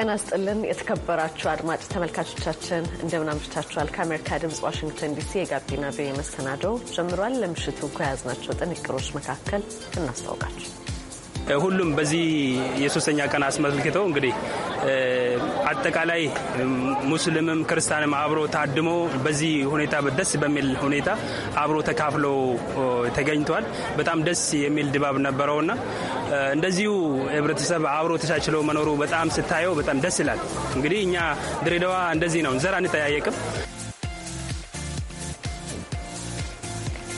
ጤና ስጥልን የተከበራችሁ አድማጭ ተመልካቾቻችን እንደምን ከአሜሪካ ድምፅ ዋሽንግተን ዲሲ የጋቢና ቪኦኤ መሰናደው ጀምሯል። ለምሽቱ ከያዝናቸው ጥንቅሮች መካከል እናስታውቃችሁ። ሁሉም በዚህ የሶስተኛ ቀን አስመልክተው እንግዲህ አጠቃላይ ሙስሊምም ክርስቲያንም አብሮ ታድሞ በዚህ ሁኔታ ደስ በሚል ሁኔታ አብሮ ተካፍለው ተገኝተዋል። በጣም ደስ የሚል ድባብ ነበረውና እንደዚሁ ህብረተሰብ አብሮ ተቻችለው መኖሩ በጣም ስታየው በጣም ደስ ይላል። እንግዲህ እኛ ድሬዳዋ እንደዚህ ነው፣ ዘር አንጠያየቅም።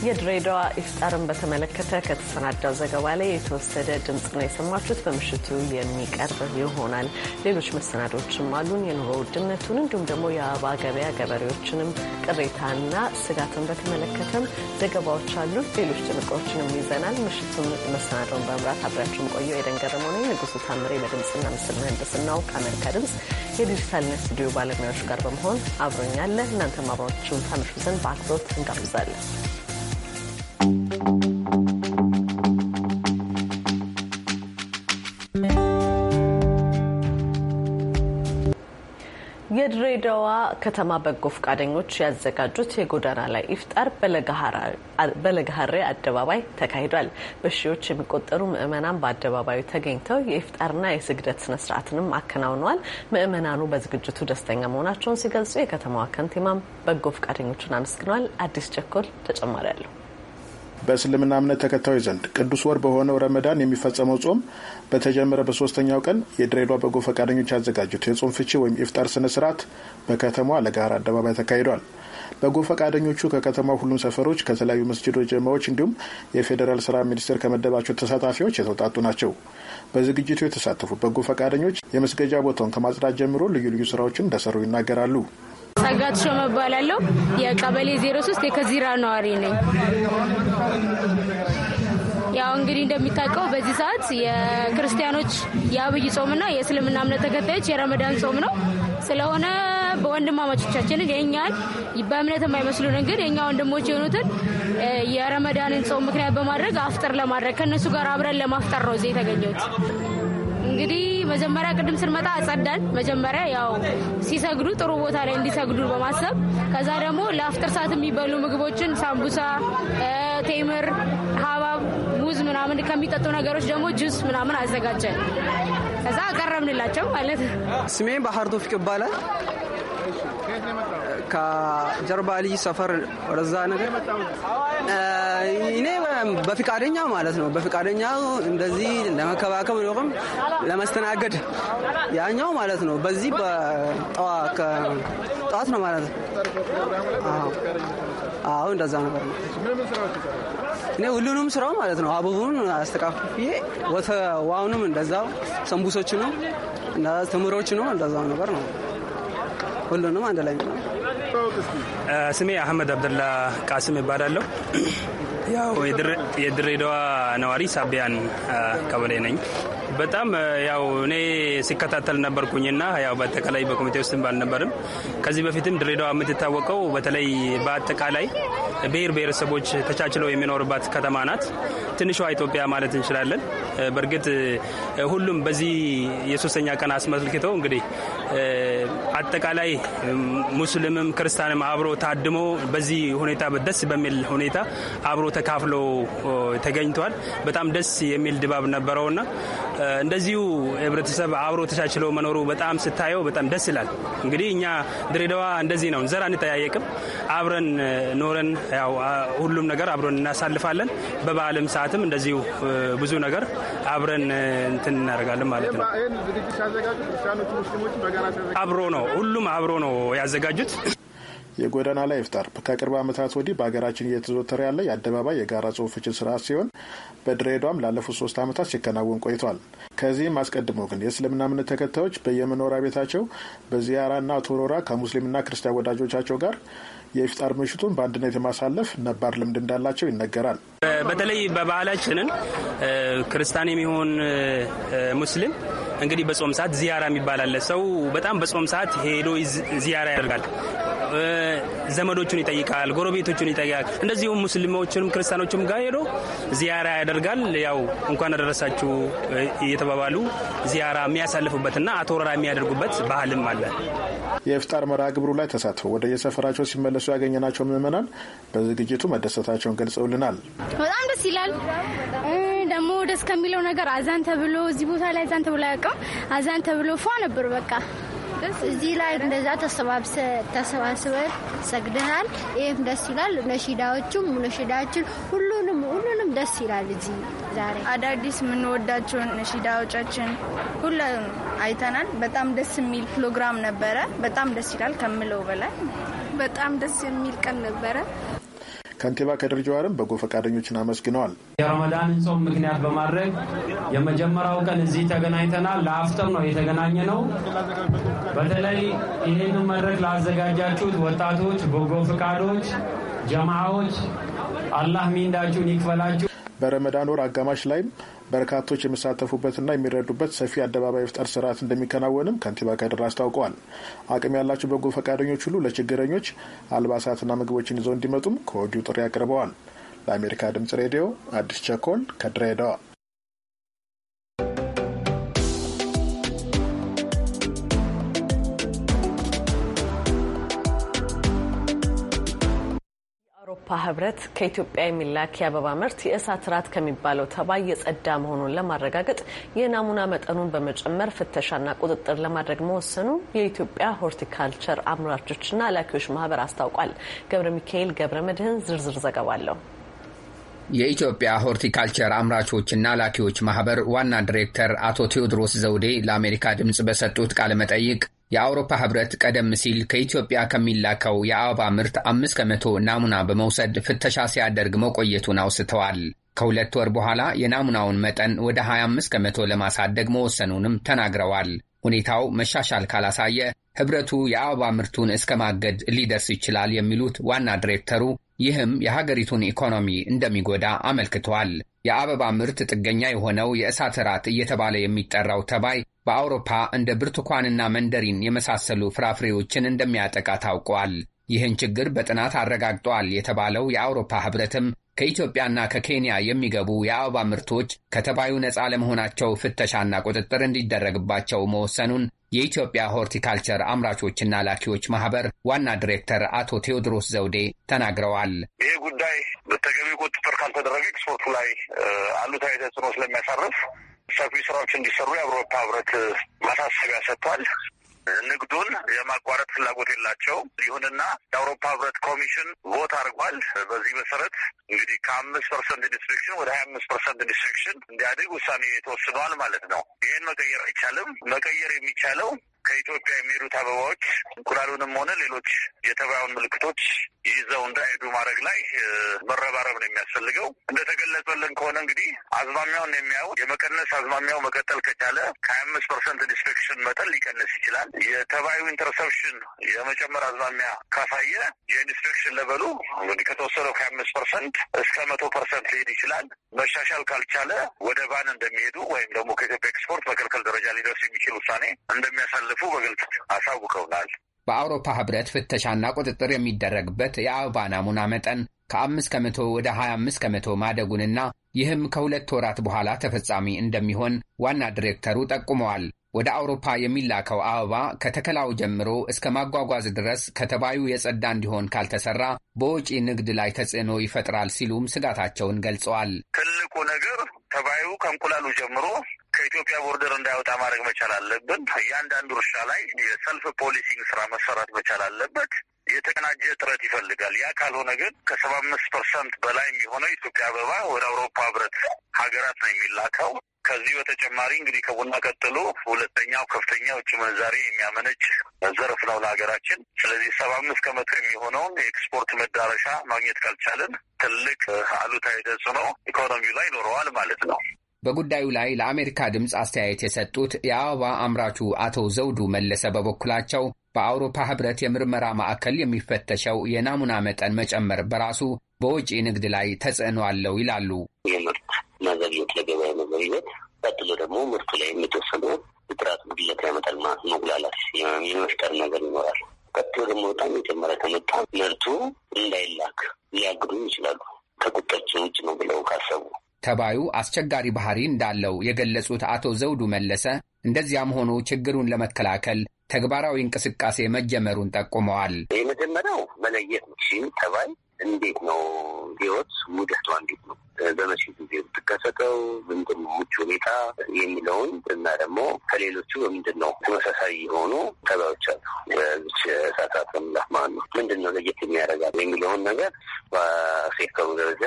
የድሬዳዋ ኢፍጣርን በተመለከተ ከተሰናዳው ዘገባ ላይ የተወሰደ ድምፅ ነው የሰማችሁት። በምሽቱ የሚቀርብ ይሆናል። ሌሎች መሰናዶችም አሉን። የኑሮ ውድነቱን እንዲሁም ደግሞ የአበባ ገበያ ገበሬዎችንም ቅሬታና ስጋትን በተመለከተም ዘገባዎች አሉ። ሌሎች ጥንቅሮችንም ይዘናል። ምሽቱን መሰናዶውን በመምራት አብራችሁን ቆዩ። የደን ገረመ ንጉሱ ታምሬ በድምፅና ምስል ምህንድስናው ከአሜሪካ ድምፅ የዲጂታልነት ስቱዲዮ ባለሙያዎች ጋር በመሆን አብሮኛለ። እናንተ ማብራችሁን ታምሹ ዘንድ በአክብሮት እንጋብዛለን። የድሬዳዋ ከተማ በጎ ፈቃደኞች ያዘጋጁት የጎዳና ላይ ኢፍጣር በለገሀሬ አደባባይ ተካሂዷል። በሺዎች የሚቆጠሩ ምዕመናን በአደባባዩ ተገኝተው የኢፍጣርና የስግደት ስነስርዓትንም አከናውነዋል። ምዕመናኑ በዝግጅቱ ደስተኛ መሆናቸውን ሲገልጹ የከተማዋ ከንቲማም በጎ ፈቃደኞቹን አመስግነዋል። አዲስ ቸኮል ተጨማሪ አለሁ በእስልምና እምነት ተከታዮች ዘንድ ቅዱስ ወር በሆነው ረመዳን የሚፈጸመው ጾም በተጀመረ በሶስተኛው ቀን የድሬዳዋ በጎ ፈቃደኞች ያዘጋጁት የጾም ፍቺ ወይም ኢፍጣር ስነ ስርዓት በከተማዋ ለጋራ አደባባይ ተካሂዷል። በጎ ፈቃደኞቹ ከከተማ ሁሉም ሰፈሮች፣ ከተለያዩ መስጅዶች፣ ጀማዎች እንዲሁም የፌዴራል ስራ ሚኒስቴር ከመደባቸው ተሳታፊዎች የተውጣጡ ናቸው። በዝግጅቱ የተሳተፉ በጎ ፈቃደኞች የመስገጃ ቦታውን ከማጽዳት ጀምሮ ልዩ ልዩ ስራዎችን እንደሰሩ ይናገራሉ። ጸጋት ሾመ እባላለሁ። የቀበሌ ሶስት የከዚራ ነዋሪ ነኝ። ያው እንግዲህ እንደሚታወቀው በዚህ ሰዓት የክርስቲያኖች የአብይ ጾምና የእስልምና እምነት ተከታዮች የረመዳን ጾም ነው። ስለሆነ በወንድማማቾቻችንን የእኛን በእምነት የማይመስሉንን ግን የእኛ ወንድሞች የሆኑትን የረመዳንን ጾም ምክንያት በማድረግ አፍጥር ለማድረግ ከእነሱ ጋር አብረን ለማፍጠር ነው እዚህ የተገኘሁት። እንግዲህ መጀመሪያ ቅድም ስንመጣ አጸዳን። መጀመሪያ ያው ሲሰግዱ ጥሩ ቦታ ላይ እንዲሰግዱ በማሰብ ከዛ ደግሞ ለአፍጥር ሰዓት የሚበሉ ምግቦችን ሳምቡሳ፣ ቴምር፣ ሀባብ፣ ሙዝ ምናምን ከሚጠጡ ነገሮች ደግሞ ጁስ ምናምን አዘጋጀን። ከዛ አቀረብንላቸው ማለት ስሜ ባህር ቶፊቅ ይባላል። ከጀርባ ልጅ ሰፈር ወደዛ ነገር እኔ በፍቃደኛ ማለት ነው። በፍቃደኛ እንደዚህ ለመከባከብ ም ለመስተናገድ ያኛው ማለት ነው። በዚህ ጠዋት ነው ማለት ነው። አዎ እንደዛ ነበር ነው። እኔ ሁሉንም ስራው ማለት ነው አበቡን አስተካክዬ ዋውንም እንደዛው ሰንቡሶችንም ነው እንደዛው ነበር ነው ሁሉንም አንድ ላይ ስሜ አህመድ አብደላ ቃስም ይባላለሁ። ያው የድሬዳዋ ነዋሪ ሳቢያን ቀበሌ ነኝ። በጣም ያው እኔ ሲከታተል ነበርኩኝና ያው በአጠቃላይ በኮሚቴ ውስጥ ባልነበርም ከዚህ በፊትም ድሬዳዋ የምትታወቀው በተለይ በአጠቃላይ ብሔር ብሔረሰቦች ተቻችለው የሚኖርባት ከተማ ናት። ትንሿ ኢትዮጵያ ማለት እንችላለን። በእርግጥ ሁሉም በዚህ የሶስተኛ ቀን አስመልክተው እንግዲህ አጠቃላይ ሙስሊምም ክርስቲያንም አብሮ ታድሞ በዚህ ሁኔታ ደስ በሚል ሁኔታ አብሮ ተካፍሎ ተገኝቷል። በጣም ደስ የሚል ድባብ ነበረውና እንደዚሁ ህብረተሰብ አብሮ ተቻችሎ መኖሩ በጣም ስታየው በጣም ደስ ይላል። እንግዲህ እኛ ድሬዳዋ እንደዚህ ነው። ዘር አንጠያየቅም። አብረን ኖረን ያው ሁሉም ነገር አብረን እናሳልፋለን። በበዓልም ሰዓትም እንደዚሁ ብዙ ነገር አብረን እንትን እናደርጋለን ማለት ነው። አብሮ ነው ሁሉም አብሮ ነው ያዘጋጁት። የጎዳና ላይ ኢፍጣር ከቅርብ ዓመታት ወዲህ በሀገራችን እየተዘወተረ ያለ የአደባባይ የጋራ ጽሁፎችን ስርዓት ሲሆን በድሬዳዋም ላለፉት ሶስት ዓመታት ሲከናወን ቆይቷል። ከዚህም አስቀድሞ ግን የእስልምና እምነት ተከታዮች በየመኖሪያ ቤታቸው በዚያራና ቶሮራ ከሙስሊምና ክርስቲያን ወዳጆቻቸው ጋር የኢፍጣር ምሽቱን በአንድነት የማሳለፍ ነባር ልምድ እንዳላቸው ይነገራል። በተለይ በባህላችንን ክርስቲያን የሚሆን ሙስሊም እንግዲህ በጾም ሰዓት ዚያራ የሚባል አለ። ሰው በጣም በጾም ሰዓት ሄዶ ዚያራ ያደርጋል። ዘመዶቹን ይጠይቃል፣ ጎረቤቶቹን ይጠይቃል። እንደዚሁም ሙስሊሞችንም ክርስቲያኖችም ጋር ሄዶ ዚያራ ያደርጋል። ያው እንኳን አደረሳችሁ እየተባባሉ ዚያራ የሚያሳልፉበትና አቶወረራ የሚያደርጉበት ባህልም አለ። የኢፍጣር መርሃ ግብሩ ላይ ተሳትፈው ወደ የሰፈራቸው ሲመለሱ ያገኘናቸው ምዕመናን በዝግጅቱ መደሰታቸውን ገልጸውልናል። በጣም ደስ ይላል። ደግሞ ደስ ከሚለው ነገር አዛን ተብሎ እዚህ ቦታ ላይ አዛን ተብሎ አያውቅም። አዛን ተብሎ ፏ ነበር በቃ እዚህ ላይ እንደዛ ተሰባስበን ሰግደናል። ይህም ደስ ይላል። ነሺዳዎቹም ነሺዳችን ሁሉ ደስ ይላል። እዚህ ዛሬ አዳዲስ የምንወዳቸውን ነሺዳዎቻችን ሁሉ አይተናል። በጣም ደስ የሚል ፕሮግራም ነበረ። በጣም ደስ ይላል ከምለው በላይ በጣም ደስ የሚል ቀን ነበረ። ከንቲባ ከድር ጀዋርም በጎ ፈቃደኞችን አመስግነዋል። የረመዳንን ጾም ምክንያት በማድረግ የመጀመሪያው ቀን እዚህ ተገናኝተናል። ለአፍጥር ነው የተገናኘ ነው። በተለይ ይህንን መድረክ ላዘጋጃችሁት ወጣቶች፣ በጎ ፈቃዶች፣ ጀማዎች አላህ ሚንዳችሁን ይክፈላችሁ። በረመዳን ወር አጋማሽ ላይም በርካቶች የሚሳተፉበትና የሚረዱበት ሰፊ አደባባይ ፍጠር ስርዓት እንደሚከናወንም ከንቲባ ከድር አስታውቀዋል። አቅም ያላቸው በጎ ፈቃደኞች ሁሉ ለችግረኞች አልባሳትና ምግቦችን ይዘው እንዲመጡም ከወዲሁ ጥሪ አቅርበዋል። ለአሜሪካ ድምጽ ሬዲዮ አዲስ ቸኮል ከድሬዳዋ የአውሮፓ ህብረት ከኢትዮጵያ የሚላክ የአበባ ምርት የእሳት ራት ከሚባለው ተባይ የጸዳ መሆኑን ለማረጋገጥ የናሙና መጠኑን በመጨመር ፍተሻና ቁጥጥር ለማድረግ መወሰኑ የኢትዮጵያ ሆርቲካልቸር አምራቾችና ላኪዎች ማህበር አስታውቋል። ገብረ ሚካኤል ገብረ መድህን ዝርዝር ዘገባ አለው። የኢትዮጵያ ሆርቲካልቸር አምራቾችና ላኪዎች ማህበር ዋና ዲሬክተር አቶ ቴዎድሮስ ዘውዴ ለአሜሪካ ድምፅ በሰጡት ቃለ መጠይቅ የአውሮፓ ህብረት ቀደም ሲል ከኢትዮጵያ ከሚላከው የአበባ ምርት አምስት ከመቶ ናሙና በመውሰድ ፍተሻ ሲያደርግ መቆየቱን አውስተዋል። ከሁለት ወር በኋላ የናሙናውን መጠን ወደ 25 ከመቶ ለማሳደግ መወሰኑንም ተናግረዋል። ሁኔታው መሻሻል ካላሳየ ህብረቱ የአበባ ምርቱን እስከ ማገድ ሊደርስ ይችላል የሚሉት ዋና ዲሬክተሩ፣ ይህም የሀገሪቱን ኢኮኖሚ እንደሚጎዳ አመልክተዋል። የአበባ ምርት ጥገኛ የሆነው የእሳት ራት እየተባለ የሚጠራው ተባይ በአውሮፓ እንደ ብርቱካንና መንደሪን የመሳሰሉ ፍራፍሬዎችን እንደሚያጠቃ ታውቋል። ይህን ችግር በጥናት አረጋግጧል የተባለው የአውሮፓ ህብረትም ከኢትዮጵያና ከኬንያ የሚገቡ የአበባ ምርቶች ከተባዩ ነፃ ለመሆናቸው ፍተሻና ቁጥጥር እንዲደረግባቸው መወሰኑን የኢትዮጵያ ሆርቲካልቸር አምራቾችና ላኪዎች ማህበር ዋና ዲሬክተር አቶ ቴዎድሮስ ዘውዴ ተናግረዋል። ይህ ጉዳይ በተገቢ ቁጥጥር ካልተደረገ ኤክስፖርቱ ላይ አሉታዊ ተጽዕኖ ስለሚያሳርፍ ሰፊ ስራዎች እንዲሰሩ የአውሮፓ ህብረት ማሳሰቢያ ሰጥቷል። ንግዱን የማቋረጥ ፍላጎት የላቸውም። ይሁንና የአውሮፓ ህብረት ኮሚሽን ቮት አድርጓል። በዚህ መሰረት እንግዲህ ከአምስት ፐርሰንት ዲስትሪክሽን ወደ ሀያ አምስት ፐርሰንት ዲስትሪክሽን እንዲያድግ ውሳኔ ተወስኗል ማለት ነው። ይህን መቀየር አይቻልም። መቀየር የሚቻለው ከኢትዮጵያ የሚሄዱት አበባዎች እንቁላሉንም ሆነ ሌሎች የተባዩን ምልክቶች ይዘው እንዳይሄዱ ማድረግ ላይ መረባረብ ነው የሚያስፈልገው። እንደተገለጸልን ከሆነ እንግዲህ አዝማሚያውን የሚያው የመቀነስ አዝማሚያው መቀጠል ከቻለ ከሀያ አምስት ፐርሰንት ኢንስፔክሽን መጠን ሊቀንስ ይችላል። የተባዩ ኢንተርሰፕሽን የመጨመር አዝማሚያ ካሳየ የኢንስፔክሽን ለበሉ እንግዲህ ከተወሰነው ከሀያ አምስት ፐርሰንት እስከ መቶ ፐርሰንት ሊሄድ ይችላል። መሻሻል ካልቻለ ወደ ባን እንደሚሄዱ ወይም ደግሞ ከኢትዮጵያ ኤክስፖርት መከልከል ደረጃ ሊደርስ የሚችል ውሳኔ እንደሚያሳልፍ እንደሚያልፉ በግልጽ አሳውቀውናል። በአውሮፓ ህብረት ፍተሻና ቁጥጥር የሚደረግበት የአበባ ናሙና መጠን ከአምስት ከመቶ ወደ 25 ከመቶ ማደጉንና ይህም ከሁለት ወራት በኋላ ተፈጻሚ እንደሚሆን ዋና ዲሬክተሩ ጠቁመዋል። ወደ አውሮፓ የሚላከው አበባ ከተከላው ጀምሮ እስከ ማጓጓዝ ድረስ ከተባዩ የጸዳ እንዲሆን ካልተሰራ በውጪ ንግድ ላይ ተጽዕኖ ይፈጥራል ሲሉም ስጋታቸውን ገልጸዋል። ትልቁ ነገር ተባዩ ከእንቁላሉ ጀምሮ ከኢትዮጵያ ቦርደር እንዳይወጣ ማድረግ መቻል አለብን። እያንዳንዱ እርሻ ላይ የሰልፍ ፖሊሲንግ ስራ መሰራት መቻል አለበት። የተቀናጀ ጥረት ይፈልጋል። ያ ካልሆነ ግን ከሰባ አምስት ፐርሰንት በላይ የሚሆነው ኢትዮጵያ አበባ ወደ አውሮፓ ህብረት ሀገራት ነው የሚላከው። ከዚህ በተጨማሪ እንግዲህ ከቡና ቀጥሎ ሁለተኛው ከፍተኛ ውጭ ምንዛሬ የሚያመነጭ ዘርፍ ነው ለሀገራችን። ስለዚህ ሰባ አምስት ከመቶ የሚሆነውን የኤክስፖርት መዳረሻ ማግኘት ካልቻልን ትልቅ አሉታዊ ተጽዕኖ ኢኮኖሚው ላይ ይኖረዋል ማለት ነው። በጉዳዩ ላይ ለአሜሪካ ድምፅ አስተያየት የሰጡት የአበባ አምራቹ አቶ ዘውዱ መለሰ በበኩላቸው በአውሮፓ ህብረት የምርመራ ማዕከል የሚፈተሸው የናሙና መጠን መጨመር በራሱ በውጪ ንግድ ላይ ተጽዕኖ አለው ይላሉ። የምርት መዘግየት፣ ለገበያ መዘግየት፣ ቀጥሎ ደግሞ ምርቱ ላይ የሚተወሰኑ ጥራት ጉድለት ያመጣል መጉላላት የመፍጠር ነገር ይኖራል። ቀጥሎ ደግሞ በጣም የጨመረ ከመጣ ምርቱ እንዳይላክ ሊያግዱ ይችላሉ። ከቁጥጥራችን ውጭ ነው ብለው ካሰቡ ተባዩ አስቸጋሪ ባህሪ እንዳለው የገለጹት አቶ ዘውዱ መለሰ እንደዚያም ሆኖ ችግሩን ለመከላከል ተግባራዊ እንቅስቃሴ መጀመሩን ጠቁመዋል። የመጀመሪያው መለየት ነው። ተባይ እንዴት ነው ህይወት ውደቷ እንዴት ነው በመቼ ጊዜ ብትከሰተው ምንድን ነው ምቹ ሁኔታ የሚለውን እና ደግሞ ከሌሎቹ በምንድን ነው ተመሳሳይ የሆኑ ተባዮች አሉ። በዚች እሳታት በምላት ማለት ነው ምንድን ነው ለየት የሚያደርጋል የሚለውን ነገር በሴክተሩ ደረጃ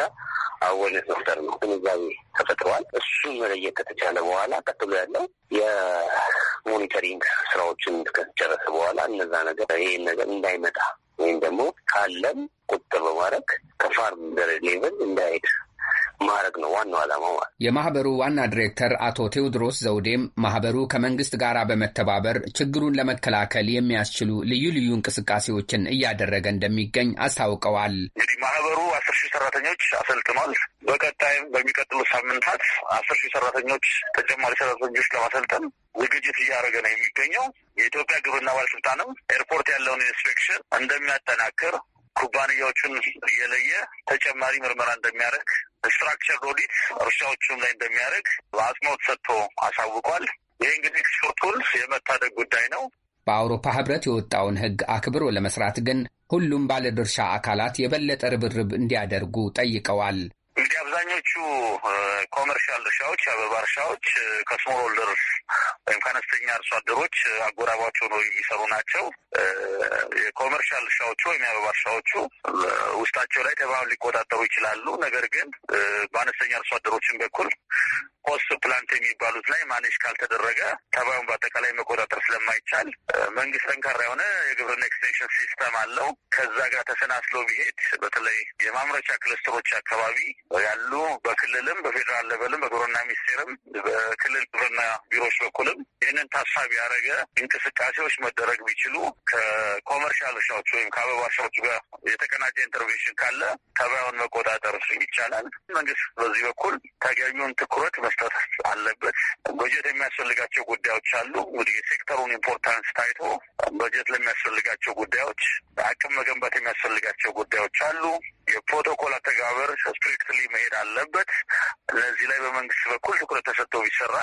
አወነት መፍጠር ነው። ግንዛቤ ተፈጥረዋል። እሱ መለየት ከተቻለ በኋላ ቀጥሎ ያለው የሞኒተሪንግ ስራዎችን ከተጨረሰ በኋላ እነዛ ነገር ይህን ነገር እንዳይመጣ ወይም ደግሞ ካለም ቁጥር በማድረግ ከፋርም ደረጃ ሌቨል እንዳይሄድ ማድረግ ነው ዋናው ዓላማው። ማለት የማህበሩ ዋና ዲሬክተር አቶ ቴዎድሮስ ዘውዴም ማህበሩ ከመንግስት ጋር በመተባበር ችግሩን ለመከላከል የሚያስችሉ ልዩ ልዩ እንቅስቃሴዎችን እያደረገ እንደሚገኝ አስታውቀዋል። እንግዲህ ማህበሩ አስር ሺህ ሰራተኞች አሰልጥኗል። በቀጣይም በሚቀጥሉ ሳምንታት አስር ሺህ ሰራተኞች ተጨማሪ ሰራተኞች ለማሰልጠን ዝግጅት እያደረገ ነው የሚገኘው። የኢትዮጵያ ግብርና ባለስልጣንም ኤርፖርት ያለውን ኢንስፔክሽን እንደሚያጠናክር ኩባንያዎቹን እየለየ ተጨማሪ ምርመራ እንደሚያደርግ ስትራክቸር ኦዲት እርሻዎቹም ላይ እንደሚያደርግ አጽንኦት ሰጥቶ አሳውቋል። ይህ እንግዲህ ኤክስፖርቱን የመታደግ ጉዳይ ነው። በአውሮፓ ህብረት የወጣውን ህግ አክብሮ ለመስራት ግን ሁሉም ባለድርሻ አካላት የበለጠ ርብርብ እንዲያደርጉ ጠይቀዋል። እንግዲህ አብዛኞቹ ኮመርሻል እርሻዎች አበባ እርሻዎች ከስሞል ሆልደርስ ወይም ከአነስተኛ አርሶ አደሮች አጎራባች ሆኖ የሚሰሩ ናቸው። የኮመርሻል እርሻዎቹ ወይም የአበባ እርሻዎቹ ውስጣቸው ላይ ተባብ ሊቆጣጠሩ ይችላሉ። ነገር ግን በአነስተኛ አርሶ አደሮችን በኩል ሆስት ፕላንት የሚባሉት ላይ ማኔጅ ካልተደረገ ተባዩን በአጠቃላይ መቆጣጠር ስለማይቻል መንግስት ጠንካራ የሆነ የግብርና ኤክስቴንሽን ሲስተም አለው። ከዛ ጋር ተሰናስሎ ቢሄድ በተለይ የማምረቻ ክለስተሮች አካባቢ ያሉ በክልልም በፌዴራል ለበልም በግብርና ሚኒስቴርም በክልል ግብርና ቢሮዎች በኩልም ይህንን ታሳቢ ያደረገ እንቅስቃሴዎች መደረግ ቢችሉ ከኮመርሻል እርሻዎች ወይም ከአበባ እርሻዎቹ ጋር የተቀናጀ ኢንተርቬንሽን ካለ ተባዩን መቆጣጠር ይቻላል። መንግስት በዚህ በኩል ተገቢውን ትኩረት መስጠት አለበት። በጀት የሚያስፈልጋቸው ጉዳዮች አሉ። እንግዲህ የሴክተሩን ኢምፖርታንስ ታይቶ በጀት ለሚያስፈልጋቸው ጉዳዮች፣ አቅም መገንባት የሚያስፈልጋቸው ጉዳዮች አሉ። የፕሮቶኮል አተገባበር ስትሪክትሊ መሄድ አለበት። እነዚህ ላይ በመንግስት በኩል ትኩረት ተሰጥቶ ቢሰራ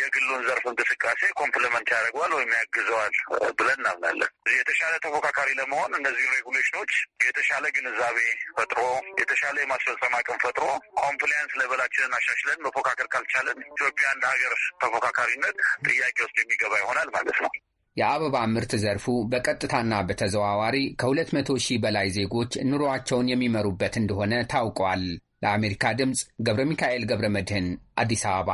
የግሉን ዘርፍ እንቅስቃሴ ኮምፕሊመንት ያደርገዋል ወይም ያግዘዋል ብለን እናምናለን። የተሻለ ተፎካካሪ ለመሆን እነዚህ ሬጉሌሽኖች የተሻለ ግንዛቤ ፈጥሮ የተሻለ የማስፈጸም አቅም ፈጥሮ ኮምፕሊያንስ ሌቨላችንን አሻሽለን መፎካከር ካልቻለን ኢትዮጵያ እንደ ሀገር ተፎካካሪነት ጥያቄ ውስጥ የሚገባ ይሆናል ማለት ነው። የአበባ ምርት ዘርፉ በቀጥታና በተዘዋዋሪ ከ200 ሺህ በላይ ዜጎች ኑሮአቸውን የሚመሩበት እንደሆነ ታውቋል። ለአሜሪካ ድምፅ ገብረ ሚካኤል ገብረ መድህን አዲስ አበባ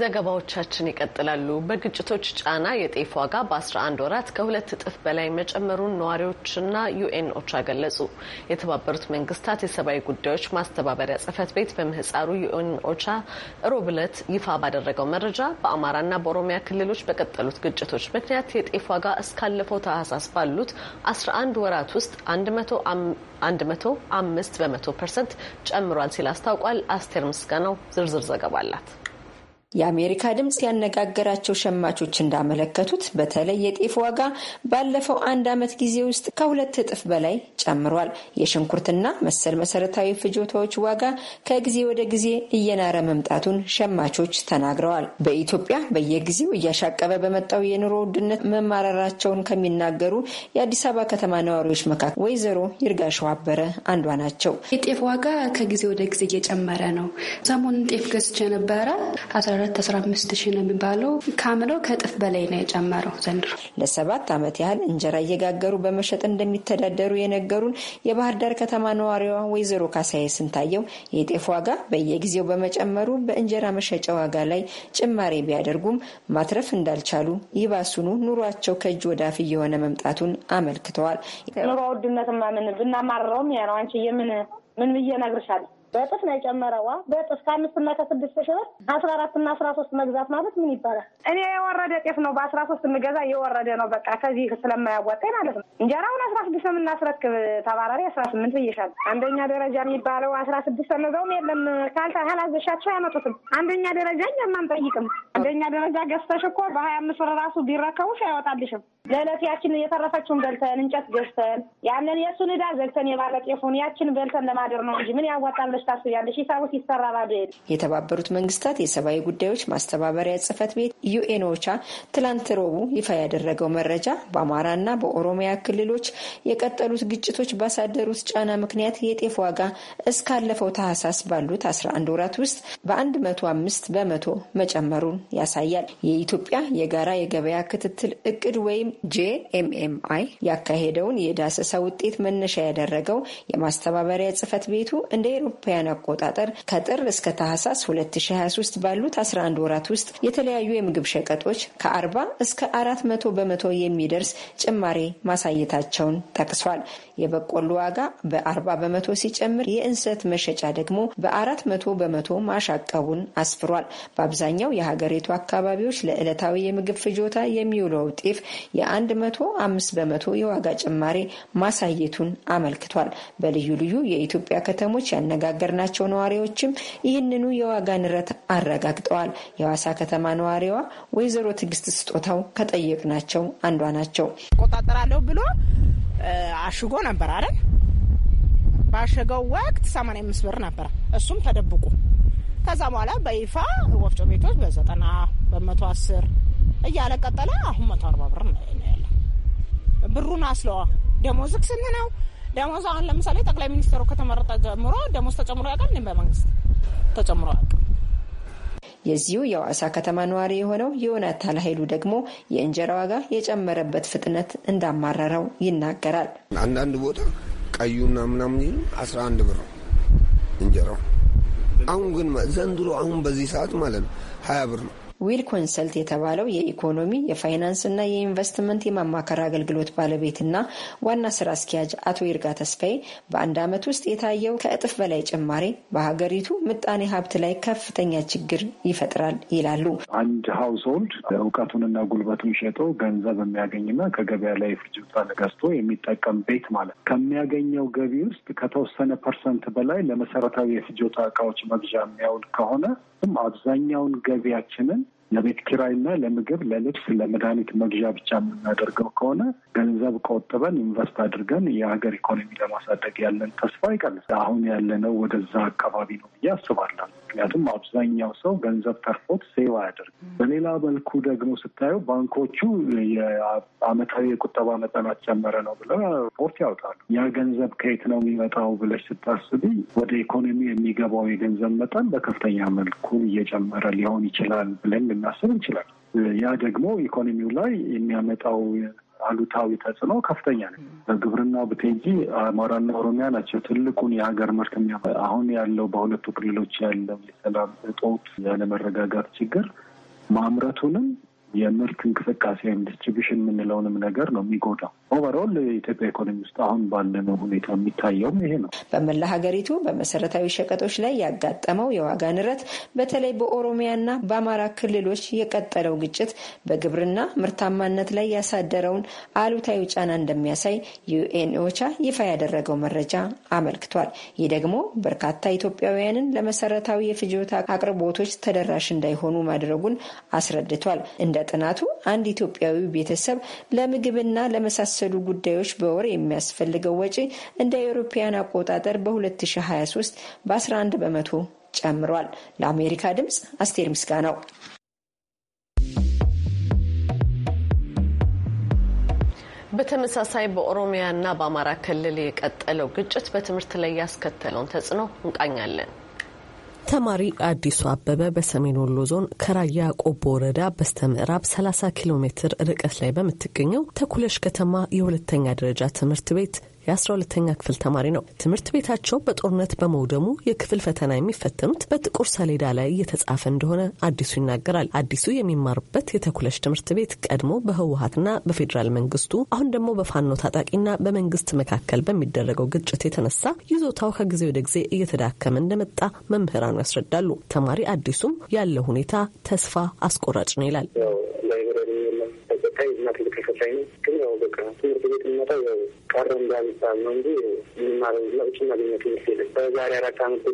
ዘገባዎቻችን ይቀጥላሉ። በግጭቶች ጫና የጤፍ ዋጋ በ11 ወራት ከሁለት እጥፍ በላይ መጨመሩን ነዋሪዎችና ዩኤን ኦቻ ገለጹ። የተባበሩት መንግስታት የሰብአዊ ጉዳዮች ማስተባበሪያ ጽህፈት ቤት በምህፃሩ ዩኤን ኦቻ ሮብ ዕለት ይፋ ባደረገው መረጃ በአማራና በኦሮሚያ ክልሎች በቀጠሉት ግጭቶች ምክንያት የጤፍ ዋጋ እስካለፈው ታህሳስ ባሉት 11 ወራት ውስጥ 105 በመቶ ፐርሰንት ጨምሯል ሲል አስታውቋል። አስቴር ምስጋናው ዝርዝር ዘገባ አላት። የአሜሪካ ድምፅ ያነጋገራቸው ሸማቾች እንዳመለከቱት በተለይ የጤፍ ዋጋ ባለፈው አንድ ዓመት ጊዜ ውስጥ ከሁለት እጥፍ በላይ ጨምሯል። የሽንኩርትና መሰል መሰረታዊ ፍጆታዎች ዋጋ ከጊዜ ወደ ጊዜ እየናረ መምጣቱን ሸማቾች ተናግረዋል። በኢትዮጵያ በየጊዜው እያሻቀበ በመጣው የኑሮ ውድነት መማረራቸውን ከሚናገሩ የአዲስ አበባ ከተማ ነዋሪዎች መካከል ወይዘሮ ይርጋሸው አበረ አንዷ ናቸው። የጤፍ ዋጋ ከጊዜ ወደ ጊዜ እየጨመረ ነው። ሰሞኑን ጤፍ ገዝቼ ነበረ መሰረት 14 ሺህ ነው የሚባለው። ከአምናው ከእጥፍ በላይ ነው የጨመረው ዘንድሮ። ለሰባት ዓመት ያህል እንጀራ እየጋገሩ በመሸጥ እንደሚተዳደሩ የነገሩን የባህር ዳር ከተማ ነዋሪዋ ወይዘሮ ካሳዬ ስንታየው የጤፍ ዋጋ በየጊዜው በመጨመሩ በእንጀራ መሸጫ ዋጋ ላይ ጭማሬ ቢያደርጉም ማትረፍ እንዳልቻሉ ይባሱኑ ኑሯቸው ከእጅ ወዳፍ እየሆነ መምጣቱን አመልክተዋል። ኑሮ ውድነት ምን ብናማረውም ያ ነው። አንቺ የምን ምን ብዬ እነግርሻለሁ በእጥፍ ነው የጨመረዋ። በእጥፍ ከአምስት እና ከስድስት ሺህ ብር አስራ አራት እና አስራ ሶስት መግዛት ማለት ምን ይባላል? እኔ የወረደ ጤፍ ነው በአስራ ሶስት የምገዛ እየወረደ ነው። በቃ ከዚህ ስለማያዋጣኝ ማለት ነው። እንጀራውን አስራ ስድስት ነው የምናስረክብ። ተባራሪ አስራ ስምንት ብይሻል። አንደኛ ደረጃ የሚባለው አስራ ስድስት ተመዛውም የለም። ካልታ ካላዘሻቸው አያመጡትም። አንደኛ ደረጃ እኛም አንጠይቅም። አንደኛ ደረጃ ገዝተሽ እኮ በሀያ አምስት ብር ራሱ ቢረከቡሽ አይወጣልሽም። ለዕለት እየተረፈችውን የተረፈችውን በልተን እንጨት ገዝተን ያንን የእሱን ዕዳ ዘግተን የባለ ጤፉን ያችን በልተን ለማደር ነው እንጂ ምን ያዋጣል ብለሽ ታስቢያለሽ? ሂሳቡ ሲሰራ ባዶ የተባበሩት መንግስታት የሰብአዊ ጉዳዮች ማስተባበሪያ ጽህፈት ቤት ዩኤን ኦቻ ትላንት ረቡዕ ይፋ ያደረገው መረጃ በአማራና በኦሮሚያ ክልሎች የቀጠሉት ግጭቶች ባሳደሩት ጫና ምክንያት የጤፍ ዋጋ እስካለፈው ታህሳስ ባሉት 11 ወራት ውስጥ በ105 በመቶ መጨመሩን ያሳያል። የኢትዮጵያ የጋራ የገበያ ክትትል እቅድ ወይም ጄኤምኤምአይ ያካሄደውን የዳሰሳ ውጤት መነሻ ያደረገው የማስተባበሪያ ጽህፈት ቤቱ እንደ ኤሮፓያን አቆጣጠር ከጥር እስከ ታህሳስ 2023 ባሉት 11 ወራት ውስጥ የተለያዩ የምግብ ሸቀጦች ከ40 እስከ 400 በመቶ የሚደርስ ጭማሬ ማሳየታቸውን ጠቅሷል። የበቆሎ ዋጋ በ40 በመቶ ሲጨምር የእንሰት መሸጫ ደግሞ በ400 በመቶ ማሻቀቡን አስፍሯል። በአብዛኛው የሀገሪቱ አካባቢዎች ለዕለታዊ የምግብ ፍጆታ የሚውለው ጤፍ መቶ አምስት በመቶ የዋጋ ጭማሪ ማሳየቱን አመልክቷል። በልዩ ልዩ የኢትዮጵያ ከተሞች ያነጋገርናቸው ነዋሪዎችም ይህንኑ የዋጋ ንረት አረጋግጠዋል። የዋሳ ከተማ ነዋሪዋ ወይዘሮ ትዕግስት ስጦታው ከጠየቅናቸው አንዷ ናቸው። ቆጣጠራለሁ ብሎ አሽጎ ነበር አይደል? ባሸገው ወቅት 85 ብር ነበር፣ እሱም ተደብቁ ከዛ በኋላ በይፋ ወፍጮ ቤቶች በ90 በ110 እያለ ቀጠለ። አሁን መቶ አርባ ብር ያለ። ብሩን አስለዋ ደሞዝክ ስንት ነው? ደሞዝ አሁን ለምሳሌ ጠቅላይ ሚኒስትሩ ከተመረጠ ጀምሮ ደሞዝ ተጨምሮ ያውቃል? እኔም በመንግስት ተጨምሮ ያውቃል። የዚሁ የዋሳ ከተማ ነዋሪ የሆነው የዮናታን ኃይሉ ደግሞ የእንጀራ ዋጋ የጨመረበት ፍጥነት እንዳማረረው ይናገራል። አንዳንድ ቦታ ቀዩና ምናምን ይሉ አስራ አንድ ብር ነው እንጀራው። አሁን ግን ዘንድሮ አሁን በዚህ ሰዓት ማለት ነው ሀያ ብር ነው ዊል ኮንሰልት የተባለው የኢኮኖሚ የፋይናንስና የኢንቨስትመንት የማማከር አገልግሎት ባለቤትና ዋና ስራ አስኪያጅ አቶ ይርጋ ተስፋዬ በአንድ ዓመት ውስጥ የታየው ከእጥፍ በላይ ጭማሬ በሀገሪቱ ምጣኔ ሀብት ላይ ከፍተኛ ችግር ይፈጥራል ይላሉ። አንድ ሀውስሆልድ እውቀቱንና ጉልበቱን ሸጦ ገንዘብ የሚያገኝና ከገበያ ላይ ፍጆታ ገዝቶ የሚጠቀም ቤት ማለት ከሚያገኘው ገቢ ውስጥ ከተወሰነ ፐርሰንት በላይ ለመሰረታዊ የፍጆታ እቃዎች መግዣ የሚያውል ከሆነ አብዛኛውን ገቢያችንን ለቤት ኪራይና ለምግብ፣ ለልብስ፣ ለመድኃኒት መግዣ ብቻ የምናደርገው ከሆነ ገንዘብ ቆጥበን ኢንቨስት አድርገን የሀገር ኢኮኖሚ ለማሳደግ ያለን ተስፋ ይቀንሳል። አሁን ያለነው ወደዛ አካባቢ ነው ብዬ አስባለሁ። ምክንያቱም አብዛኛው ሰው ገንዘብ ተርፎት ሴዋ ያደርግ በሌላ መልኩ ደግሞ ስታየው ባንኮቹ የአመታዊ የቁጠባ መጠን ጨመረ ነው ብለው ሪፖርት ያወጣሉ። ያ ገንዘብ ከየት ነው የሚመጣው ብለሽ ስታስቢ ወደ ኢኮኖሚ የሚገባው የገንዘብ መጠን በከፍተኛ መልኩ እየጨመረ ሊሆን ይችላል ብለን ልናስብ እንችላል። ያ ደግሞ ኢኮኖሚው ላይ የሚያመጣው አሉታዊ ተጽዕኖ ከፍተኛ ነው። በግብርናው ብትሄጂ አማራና ኦሮሚያ ናቸው ትልቁን የሀገር ምርት የሚያ አሁን ያለው በሁለቱ ክልሎች ያለው የሰላም እጦት ያለመረጋጋት ችግር ማምረቱንም የምርት እንቅስቃሴ ወይም ዲስትሪቢሽን የምንለውንም ነገር ነው የሚጎዳው። ኦቨርኦል የኢትዮጵያ ኢኮኖሚ ውስጥ አሁን ባለነው ሁኔታ የሚታየውም ይሄ ነው። በመላ ሀገሪቱ በመሰረታዊ ሸቀጦች ላይ ያጋጠመው የዋጋ ንረት በተለይ በኦሮሚያና በአማራ ክልሎች የቀጠለው ግጭት በግብርና ምርታማነት ላይ ያሳደረውን አሉታዊ ጫና እንደሚያሳይ ዩኤን ኦቻ ይፋ ያደረገው መረጃ አመልክቷል። ይህ ደግሞ በርካታ ኢትዮጵያውያንን ለመሰረታዊ የፍጆታ አቅርቦቶች ተደራሽ እንዳይሆኑ ማድረጉን አስረድቷል። እንደ ጥናቱ አንድ ኢትዮጵያዊ ቤተሰብ ለምግብና ለመሳሰሉ ጉዳዮች በወር የሚያስፈልገው ወጪ እንደ አውሮፓውያን አቆጣጠር በ2023 በ11 በመቶ ጨምሯል። ለአሜሪካ ድምፅ አስቴር ምስጋናው። በተመሳሳይ በኦሮሚያና በአማራ ክልል የቀጠለው ግጭት በትምህርት ላይ ያስከተለውን ተጽዕኖ እንቃኛለን። ተማሪ አዲሱ አበበ በሰሜን ወሎ ዞን ከራያ ቆቦ ወረዳ በስተ ምዕራብ 30 ኪሎ ሜትር ርቀት ላይ በምትገኘው ተኩለሽ ከተማ የሁለተኛ ደረጃ ትምህርት ቤት የ12ተኛ ክፍል ተማሪ ነው። ትምህርት ቤታቸው በጦርነት በመውደሙ የክፍል ፈተና የሚፈተኑት በጥቁር ሰሌዳ ላይ እየተጻፈ እንደሆነ አዲሱ ይናገራል። አዲሱ የሚማርበት የተኩለሽ ትምህርት ቤት ቀድሞ በህወሀትና በፌዴራል መንግስቱ አሁን ደግሞ በፋኖ ታጣቂና በመንግስት መካከል በሚደረገው ግጭት የተነሳ ይዞታው ከጊዜ ወደ ጊዜ እየተዳከመ እንደመጣ መምህራኑ ያስረዳሉ። ተማሪ አዲሱም ያለው ሁኔታ ተስፋ አስቆራጭ ነው ይላል። ስታይ እና ትልቅ ከፈታኝ ነው። ግን ያው በቃ ትምህርት ቤት የሚመጣው ያው ቀረ እንዳሚባል ነው እንጂ የምንማረው ለውጭ ማግኘት ትምህርት የለም። በዛሬ አራት አመት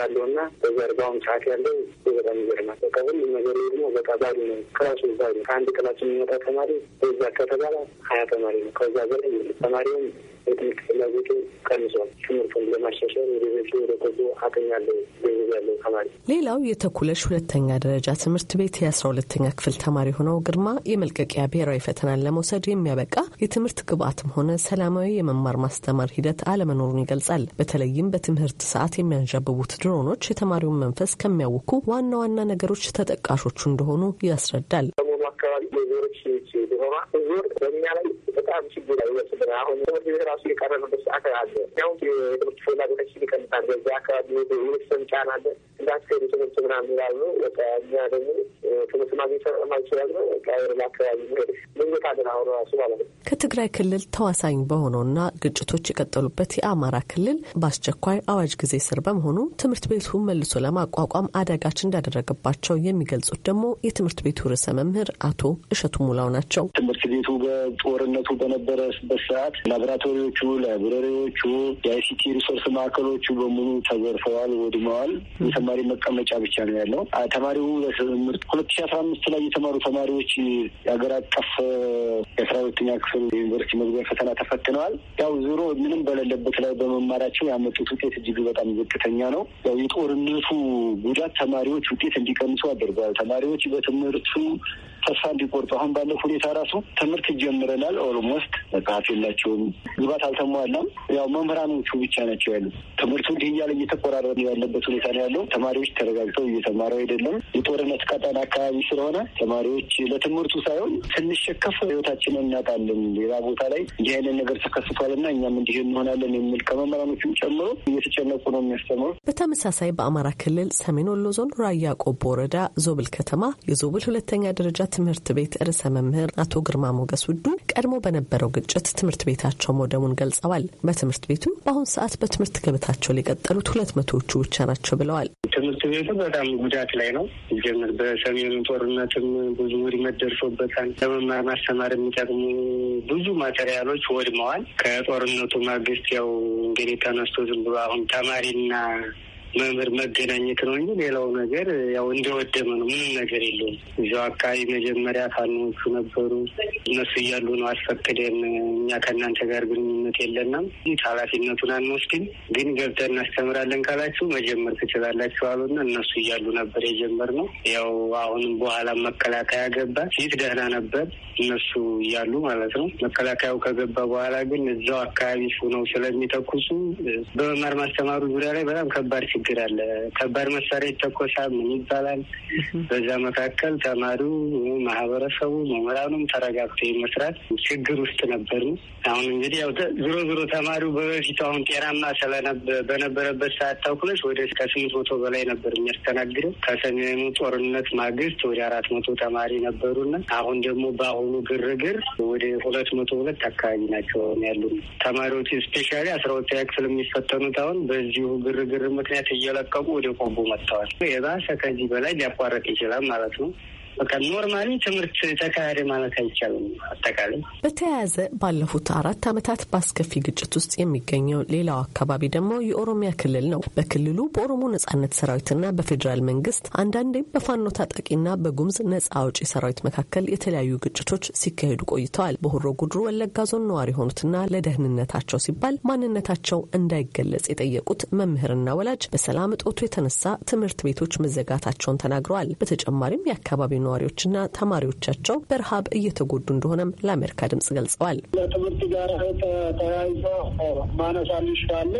ያለው እና በዛሬ በአሁኑ ሰዓት ያለው በጣም ይገርማል። በቃ ሁሉም ነገር ደግሞ በቃ ባዶ ነው። ክላሱ ባዶ ከአንድ ክላስ የሚመጣ ተማሪ በዛ ከተባለ ሀያ ተማሪ ነው። ከዛ በላይ ተማሪውም የትምህርት ፍላጎቱ ቀንሷል። ትምህርቱን ለማሻሻል ወደ ቤት ወደ ቆቶ ገንዘብ ያለው ተማሪ። ሌላው የተኩለሽ ሁለተኛ ደረጃ ትምህርት ቤት የአስራ ሁለተኛ ክፍል ተማሪ ሆነው ግርማ የመልቀቂያ ብሔራዊ ፈተናን ለመውሰድ የሚያበቃ የትምህርት ግብአትም ሆነ ሰላማዊ የመማር ማስተማር ሂደት አለመኖሩን ይገልጻል። በተለይም በትምህርት ሰዓት የሚያንዣብቡት ድሮኖች የተማሪውን መንፈስ ከሚያውኩ ዋና ዋና ነገሮች ተጠቃሾቹ እንደሆኑ ያስረዳል። ሆማ ዞር በእኛ ላይ በጣም ችግር አይወስድን። አሁን ትምህርት ቤት ራሱ የቀረንበት ሰዓት አለ ያው የትምህርት ፍላጎታችን ይቀንሳል። በዚያ አካባቢ የቤተሰብ ጫና አለ እንዳትሄዱ ትምህርት ምናምን ይላሉ። በቃ እኛ ደግሞ ትምህርት ማግኘት ማይችላሉ። ቀይርም አካባቢ ሄድ ምኞት አለን አሁን ራሱ ማለት ነው። ከትግራይ ክልል ተዋሳኝ በሆነውና ግጭቶች የቀጠሉበት የአማራ ክልል በአስቸኳይ አዋጅ ጊዜ ስር በመሆኑ ትምህርት ቤቱ መልሶ ለማቋቋም አዳጋች እንዳደረገባቸው የሚገልጹት ደግሞ የትምህርት ቤቱ ርዕሰ መምህር አቶ እሸቱ ሙላው ናቸው። ትምህርት ቤቱ በጦርነቱ በነበረበት ሰዓት ላቦራቶሪዎቹ፣ ላይብረሪዎቹ፣ የአይሲቲ ሪሶርስ ማዕከሎቹ በሙሉ ተዘርፈዋል፣ ወድመዋል። የተማሪ ተማሪ መቀመጫ ብቻ ነው ያለው። ተማሪው ሁለት ሺ አስራ አምስት ላይ የተማሩ ተማሪዎች የሀገር አቀፍ የአስራ ሁለተኛ ክፍል ዩኒቨርሲቲ መግቢያ ፈተና ተፈትነዋል። ያው ዞሮ ምንም በሌለበት ላይ በመማራቸው ያመጡት ውጤት እጅግ በጣም ዝቅተኛ ነው። ያው የጦርነቱ ጉዳት ተማሪዎች ውጤት እንዲቀንሱ አድርገዋል። ተማሪዎች በትምህርቱ ተስፋ እንዲቆርጡ አሁን ባለው ሁኔታ ራሱ ትምህርት ይጀምረናል። ኦልሞስት መጽሐፍ የላቸውም፣ ግባት አልተሟላም። ያው መምህራኖቹ ብቻ ናቸው ያሉ። ትምህርቱ እንዲህ እያለ እየተቆራረጠ ያለበት ሁኔታ ነው ያለው። ተማሪዎች ተረጋግተው እየተማሩ አይደለም። የጦርነት ቀጠና አካባቢ ስለሆነ ተማሪዎች ለትምህርቱ ሳይሆን ስንሸከፍ ህይወታችንን እናጣለን። ሌላ ቦታ ላይ እንዲህ አይነት ነገር ተከስቷልና እኛም እንዲህ እንሆናለን የሚል ከመምህራኖቹም ጨምሮ እየተጨነቁ ነው የሚያስተምሩ። በተመሳሳይ በአማራ ክልል ሰሜን ወሎ ዞን ራያ ቆቦ ወረዳ ዞብል ከተማ የዞብል ሁለተኛ ደረጃ ትምህርት ቤት ርዕሰ መምህር አቶ ግርማ ሞገስ ውዱ ቀድሞ በነበረው ግጭት ትምህርት ቤታቸው መውደሙን ገልጸዋል። በትምህርት ቤቱ በአሁኑ ሰዓት በትምህርት ገበታቸው ሊቀጠሉት ሁለት መቶዎቹ ብቻ ናቸው ብለዋል። ትምህርት ቤቱ በጣም ጉዳት ላይ ነው። ጀምር በሰሜኑ ጦርነትም ብዙ ውድመት ደርሶበታል። ለመማር ማስተማር የሚጠቅሙ ብዙ ማቴሪያሎች ወድመዋል። ከጦርነቱ ማግስት ያው እንግዲህ ተነስቶ ዝም ብሎ አሁን ተማሪና መምህር መገናኘት ነው እንጂ ሌላው ነገር ያው እንደወደመ ነው። ምንም ነገር የለውም። እዚያው አካባቢ መጀመሪያ ፋኖቹ ነበሩ። እነሱ እያሉ ነው አስፈቅደን እኛ ከእናንተ ጋር ግንኙነት የለንም፣ ኃላፊነቱን አንወስድም፣ ግን ገብተን እናስተምራለን ካላችሁ መጀመር ትችላላችሁ አሉና እነሱ እያሉ ነበር የጀመርነው። ያው አሁንም በኋላ መከላከያ ገባ። ፊት ደህና ነበር እነሱ እያሉ ማለት ነው። መከላከያው ከገባ በኋላ ግን እዛው አካባቢ ነው ስለሚተኩሱ በመማር ማስተማሩ ዙሪያ ላይ በጣም ከባድ ችግር አለ። ከባድ መሳሪያ ይተኮሳል። ምን ይባላል? በዛ መካከል ተማሪው፣ ማህበረሰቡ፣ መምህራኑም ተረጋግቶ መስራት ችግር ውስጥ ነበሩ። አሁን እንግዲህ ያው ዞሮ ዞሮ ተማሪው በበፊቱ አሁን ጤናማ በነበረበት ሰዓት ታውክለች ወደ ከስምንት መቶ በላይ ነበር የሚያስተናግደው ከሰሜኑ ጦርነት ማግስት ወደ አራት መቶ ተማሪ ነበሩና አሁን ደግሞ በአሁኑ ግርግር ወደ ሁለት መቶ ሁለት አካባቢ ናቸው ያሉ ተማሪዎች ስፔሻሊ አስራ ሁለተኛ ክፍል የሚፈተኑት አሁን በዚሁ ግርግር ምክንያት yo le un de matar, es que de la eso. በቃ ኖርማሊ ትምህርት ተካሄደ ማለት አይቻልም። አጠቃላይ በተያያዘ ባለፉት አራት ዓመታት በአስከፊ ግጭት ውስጥ የሚገኘው ሌላው አካባቢ ደግሞ የኦሮሚያ ክልል ነው። በክልሉ በኦሮሞ ነጻነት ሰራዊትና በፌዴራል መንግስት አንዳንዴም በፋኖ ታጣቂና በጉምዝ ነጻ አውጪ ሰራዊት መካከል የተለያዩ ግጭቶች ሲካሄዱ ቆይተዋል። በሆሮ ጉድሩ ወለጋ ዞን ነዋሪ የሆኑትና ለደህንነታቸው ሲባል ማንነታቸው እንዳይገለጽ የጠየቁት መምህርና ወላጅ በሰላም እጦቱ የተነሳ ትምህርት ቤቶች መዘጋታቸውን ተናግረዋል። በተጨማሪም የአካባቢው ነዋሪዎችና ተማሪዎቻቸው በረሃብ እየተጎዱ እንደሆነም ለአሜሪካ ድምጽ ገልጸዋል። ለትምህርት ጋር ተያይዞ ማነሳልሽ ካለ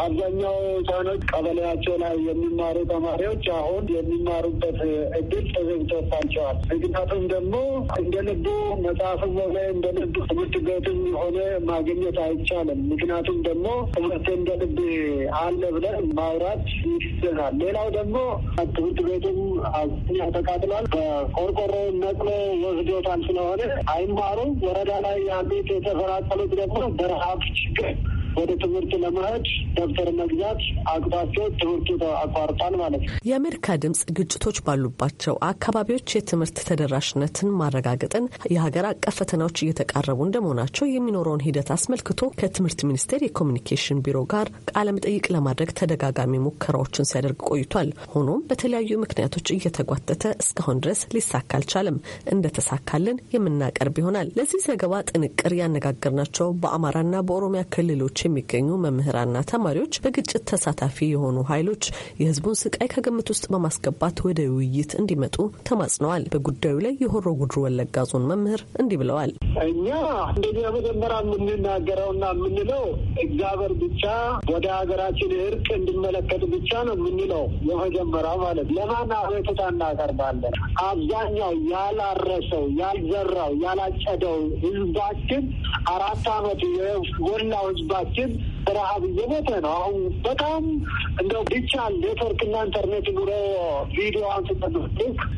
አብዛኛው ሰኖች ቀበሌያቸው ላይ የሚማሩ ተማሪዎች አሁን የሚማሩበት እድል ተዘግቶባቸዋል። ምክንያቱም ደግሞ እንደ ልቡ መጽሐፍም ሆነ እንደ ልብ ትምህርት ቤትም ሆነ ማግኘት አይቻልም። ምክንያቱም ደግሞ ትምህርት እንደ ልብ አለ ብለን ማውራት ይስናል። ሌላው ደግሞ ትምህርት ቤቱም አኛ ተቃጥሏል። በቆርቆሮ ነቅሎ ወስዶታል። ስለሆነ አይማሩም። ወረዳ ላይ ያሉት የተፈራቀሉት ደግሞ በረሀብ ችግር ወደ ትምህርት ለመሄድ ደብተር መግዛት አቅቷቸው ትምህርቱ አቋርጧል ማለት ነው። የአሜሪካ ድምጽ ግጭቶች ባሉባቸው አካባቢዎች የትምህርት ተደራሽነትን ማረጋገጥን የሀገር አቀፍ ፈተናዎች እየተቃረቡ እንደመሆናቸው የሚኖረውን ሂደት አስመልክቶ ከትምህርት ሚኒስቴር የኮሚኒኬሽን ቢሮ ጋር ቃለ መጠይቅ ለማድረግ ተደጋጋሚ ሙከራዎችን ሲያደርግ ቆይቷል። ሆኖም በተለያዩ ምክንያቶች እየተጓተተ እስካሁን ድረስ ሊሳካ አልቻለም። እንደተሳካልን የምናቀርብ ይሆናል። ለዚህ ዘገባ ጥንቅር ያነጋገርናቸው በአማራና በኦሮሚያ ክልሎች የሚገኙ መምህራንና ተማሪዎች በግጭት ተሳታፊ የሆኑ ኃይሎች የህዝቡን ስቃይ ከግምት ውስጥ በማስገባት ወደ ውይይት እንዲመጡ ተማጽነዋል። በጉዳዩ ላይ የሆሮ ጉድሩ ወለጋ ዞን መምህር እንዲህ ብለዋል። እኛ እንደዚህ በመጀመሪያ የምንናገረውና የምንለው እግዚአብሔር ብቻ ወደ ሀገራችን እርቅ እንዲመለከት ብቻ ነው የምንለው። የመጀመሪያ ማለት ለማን አቤቱታ እናቀርባለን? አብዛኛው ያላረሰው ያልዘራው ያላጨደው ህዝባችን አራት አመት የጎላው ህዝባችን ወገናችን በረሀብ እየሞተ ነው። አሁን በጣም እንደው ቢቻል ኔትወርክና ኢንተርኔት ኑሮ ቪዲዮ አንስተን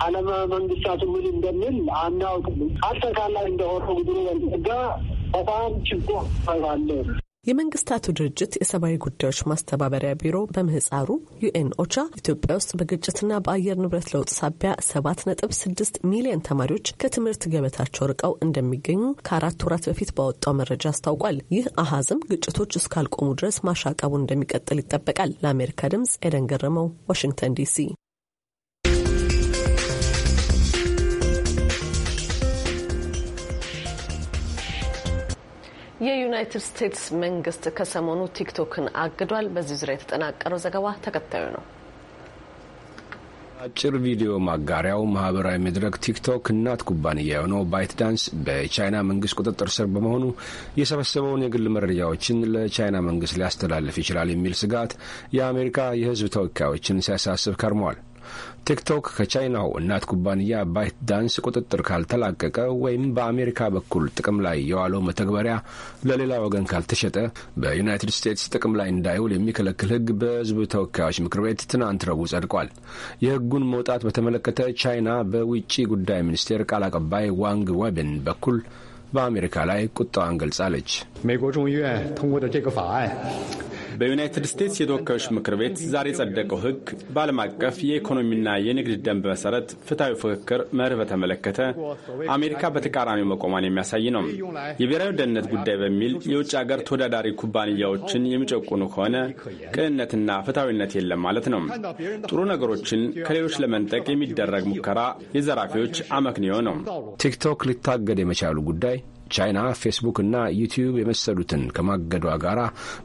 ዓለም መንግስታቱ ምን እንደሚል አናውቅም። አጠቃላይ እንደሆነ ጉድሮ በጣም ችግር አለ። የመንግስታቱ ድርጅት የሰብአዊ ጉዳዮች ማስተባበሪያ ቢሮ በምህፃሩ ዩኤን ኦቻ ኢትዮጵያ ውስጥ በግጭትና በአየር ንብረት ለውጥ ሳቢያ ሰባት ነጥብ ስድስት ሚሊዮን ተማሪዎች ከትምህርት ገበታቸው ርቀው እንደሚገኙ ከአራት ወራት በፊት ባወጣው መረጃ አስታውቋል። ይህ አሃዝም ግጭቶች እስካልቆሙ ድረስ ማሻቀቡ እንደሚቀጥል ይጠበቃል። ለአሜሪካ ድምጽ ኤደን ገረመው፣ ዋሽንግተን ዲሲ የዩናይትድ ስቴትስ መንግስት ከሰሞኑ ቲክቶክን አግዷል። በዚህ ዙሪያ የተጠናቀረው ዘገባ ተከታዩ ነው። አጭር ቪዲዮ ማጋሪያው ማህበራዊ መድረክ ቲክቶክ እናት ኩባንያ የሆነው ባይት ዳንስ በቻይና መንግስት ቁጥጥር ስር በመሆኑ የሰበሰበውን የግል መረጃዎችን ለቻይና መንግስት ሊያስተላልፍ ይችላል የሚል ስጋት የአሜሪካ የሕዝብ ተወካዮችን ሲያሳስብ ከርሟል። ቲክቶክ ከቻይናው እናት ኩባንያ ባይት ዳንስ ቁጥጥር ካልተላቀቀ ወይም በአሜሪካ በኩል ጥቅም ላይ የዋለው መተግበሪያ ለሌላ ወገን ካልተሸጠ በዩናይትድ ስቴትስ ጥቅም ላይ እንዳይውል የሚከለክል ሕግ በሕዝብ ተወካዮች ምክር ቤት ትናንት ረቡዕ ጸድቋል። የሕጉን መውጣት በተመለከተ ቻይና በውጭ ጉዳይ ሚኒስቴር ቃል አቀባይ ዋንግ ወብን በኩል በአሜሪካ ላይ ቁጣዋን ገልጻለች። በዩናይትድ ስቴትስ የተወካዮች ምክር ቤት ዛሬ የጸደቀው ሕግ በዓለም አቀፍ የኢኮኖሚና የንግድ ደንብ መሰረት ፍትሐዊ ፍክክር መርህ በተመለከተ አሜሪካ በተቃራኒው መቆሟን የሚያሳይ ነው። የብሔራዊ ደህንነት ጉዳይ በሚል የውጭ ሀገር ተወዳዳሪ ኩባንያዎችን የሚጨቁኑ ከሆነ ቅንነትና ፍትሐዊነት የለም ማለት ነው። ጥሩ ነገሮችን ከሌሎች ለመንጠቅ የሚደረግ ሙከራ የዘራፊዎች አመክንዮ ነው። ቲክቶክ ሊታገድ የመቻሉ ጉዳይ ቻይና ፌስቡክ እና ዩቲዩብ የመሰሉትን ከማገዷ ጋር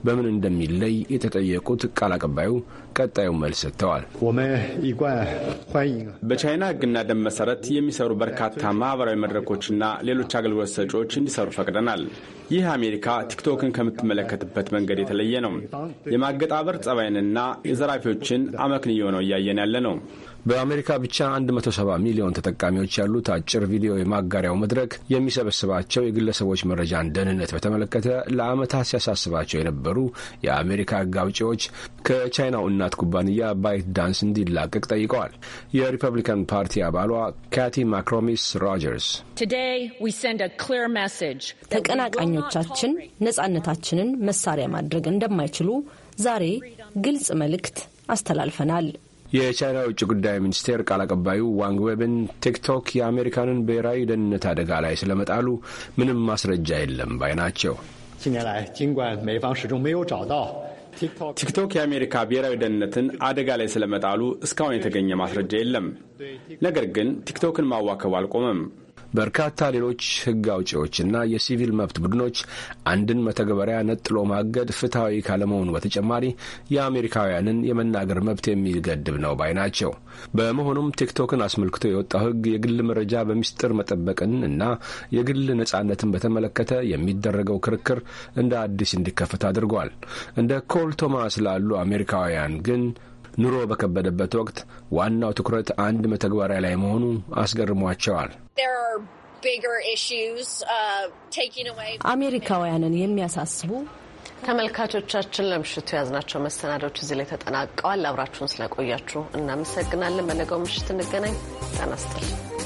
በምን እንደሚለይ የተጠየቁት ቃል አቀባዩ ቀጣዩን መልስ ሰጥተዋል። በቻይና ሕግና ደንብ መሰረት የሚሰሩ በርካታ ማህበራዊ መድረኮችና ሌሎች አገልግሎት ሰጪዎች እንዲሰሩ ፈቅደናል። ይህ አሜሪካ ቲክቶክን ከምትመለከትበት መንገድ የተለየ ነው። የማገጣበር ጸባይንና የዘራፊዎችን አመክንዮ ነው እያየን ያለ ነው። በአሜሪካ ብቻ 170 ሚሊዮን ተጠቃሚዎች ያሉት አጭር ቪዲዮ የማጋሪያው መድረክ የሚሰበስባቸው የግለሰቦች መረጃን ደህንነት በተመለከተ ለዓመታት ሲያሳስባቸው የነበሩ የአሜሪካ ህግ አውጪዎች ከቻይናው እናት ኩባንያ ባይት ዳንስ እንዲላቀቅ ጠይቀዋል። የሪፐብሊካን ፓርቲ አባሏ ካቲ ማክሮሚስ ሮጀርስ ተቀናቃኞቻችን ነጻነታችንን መሳሪያ ማድረግ እንደማይችሉ ዛሬ ግልጽ መልእክት አስተላልፈናል። የቻይና ውጭ ጉዳይ ሚኒስቴር ቃል አቀባዩ ዋንግ ዌብን ቲክቶክ የአሜሪካንን ብሔራዊ ደህንነት አደጋ ላይ ስለመጣሉ ምንም ማስረጃ የለም ባይ ናቸው። ቲክቶክ የአሜሪካ ብሔራዊ ደህንነትን አደጋ ላይ ስለመጣሉ እስካሁን የተገኘ ማስረጃ የለም። ነገር ግን ቲክቶክን ማዋከብ አልቆመም። በርካታ ሌሎች ሕግ አውጪዎችና የሲቪል መብት ቡድኖች አንድን መተግበሪያ ነጥሎ ማገድ ፍትሐዊ ካለመሆኑ በተጨማሪ የአሜሪካውያንን የመናገር መብት የሚገድብ ነው ባይ ናቸው። በመሆኑም ቲክቶክን አስመልክቶ የወጣው ህግ የግል መረጃ በሚስጥር መጠበቅን እና የግል ነጻነትን በተመለከተ የሚደረገው ክርክር እንደ አዲስ እንዲከፈት አድርጓል። እንደ ኮል ቶማስ ላሉ አሜሪካውያን ግን ኑሮ በከበደበት ወቅት ዋናው ትኩረት አንድ መተግበሪያ ላይ መሆኑ አስገርሟቸዋል። uh, አሜሪካውያንን የሚያሳስቡ ተመልካቾቻችን ለምሽቱ የያዝናቸው መሰናዶች እዚህ ላይ ተጠናቀዋል። አብራችሁን ስለቆያችሁ እናመሰግናለን። በነገው ምሽት እንገናኝ። ጤና ይስጥልኝ።